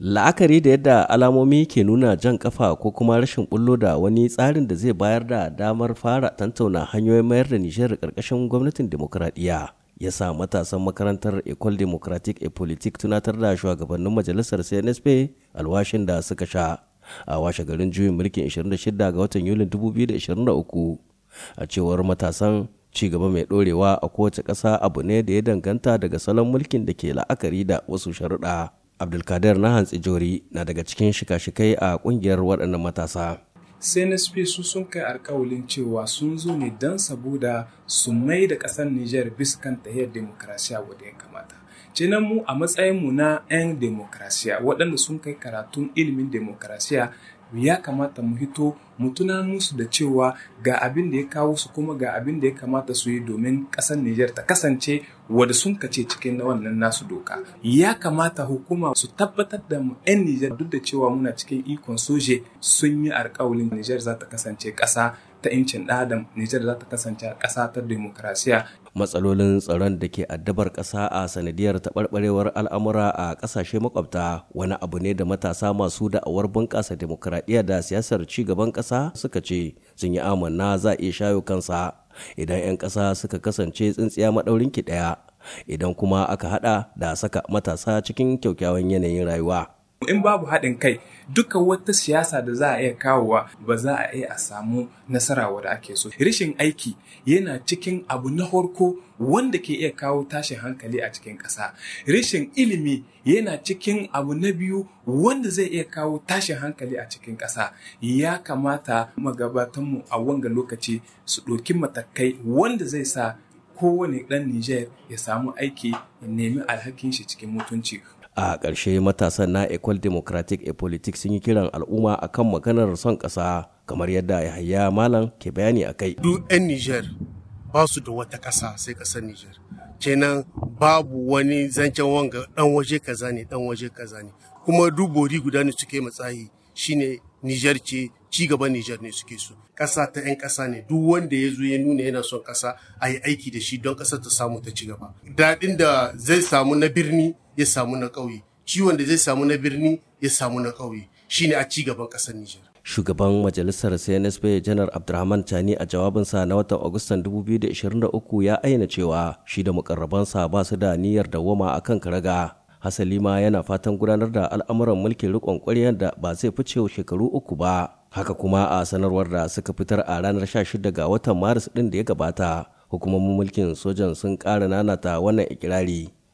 la'akari da yadda alamomi ke nuna jan kafa ko kuma rashin bullo da wani tsarin da zai bayar da damar fara tantauna hanyoyin mayar da nijar karkashin gwamnatin demokuraɗiyya ya sa matasan makarantar ecole democratique et politique tunatar da shugabannin majalisar cnsp alwashin da suka sha a washe garin juyin mulkin 26 ga watan yulin 2023 a cewar matasan ci gaba mai ɗorewa a kowace ƙasa abu ne da ya danganta daga salon mulkin da ke la'akari da wasu sharuɗa abdulkadir na hantsi jori na daga cikin shika-shikai a kungiyar waɗannan matasa cnsp su sun kai alkawalin cewa sun zo ne don saboda su mai da ƙasar niger bisa kan tahiyar demokrasiya wadda ya kamata kenan mu a matsayinmu na 'yan demokrasiya waɗanda sun kai karatun ilimin demokrasiya ya kamata mu hito mu tuna musu da cewa ga abin da ya kawo su kuma ga abin da ya kamata su yi domin ƙasar Nijar ta kasance wadda sun kace cikin na wannan nasu doka. Ya kamata hukuma su tabbatar da mu 'yan Nijar duk da cewa muna cikin ikon soje sun yi alkawalin Nijar za ta kasance ƙasa ta 'yancin ɗadam Nijar za ta kasance ƙasa ta demokrasiya. Matsalolin tsaron da ke addabar ƙasa a sanadiyar taɓarɓarewar al'amura a ƙasashe makwabta wani abu ne da matasa masu da'awar bunƙasa demokradiyya da siyasar ci gaban ƙasa suka ce sun yi amanna za a iya shayo kansa idan 'yan ƙasa suka kasance tsintsiya maɗaurin ki ɗaya idan kuma aka haɗa da saka matasa cikin kyaukyawan yanayin rayuwa. in babu haɗin kai duka wata siyasa da za a iya kawowa ba za a iya a samu nasara wadda ake so rashin aiki yana cikin abu na harko wanda ke iya kawo tashin hankali a cikin ƙasa rashin ilimi yana cikin abu na biyu wanda zai iya kawo tashin hankali a cikin ƙasa ya kamata magabatanmu a wanga lokaci su ɗauki matakai wanda zai sa kowane ɗan Nijar ya samu aiki ya nemi alhakin shi cikin mutunci a ƙarshe matasan na ecole democratic a politique sun yi kiran al'umma akan maganar son ƙasa kamar yadda yahaya malam ke bayani a kai duk 'yan niger ba su da wata ƙasa sai ƙasar niger kenan babu wani zancen wanga dan waje kaza ne dan waje kaza ne kuma duk bori guda ne suke matsayi shine Niger ce ci gaban Niger ne suke so ƙasa ta 'yan ƙasa ne duk wanda ya zo ya nuna yana son ƙasa a yi aiki da shi don ƙasar ta samu ta ci gaba daɗin da zai samu na birni ya samu na ƙauye ciwon da zai samu na birni ya samu na ƙauye shine a ci gaban ƙasar Nijar. Shugaban majalisar CNSP Janar Abdurrahman Tani a jawabinsa na watan Agustan 2023 ya ayyana cewa shi da mukarrabansa ba su da niyyar dawwama a kan karaga. Hasali ma yana fatan gudanar da al'amuran mulkin riƙon ƙwarya da ba zai fice shekaru uku ba. Haka kuma a sanarwar da suka fitar a ranar 16 ga watan Maris ɗin da ya gabata, hukumomin mulkin sojan sun ƙara nanata wannan ikirari.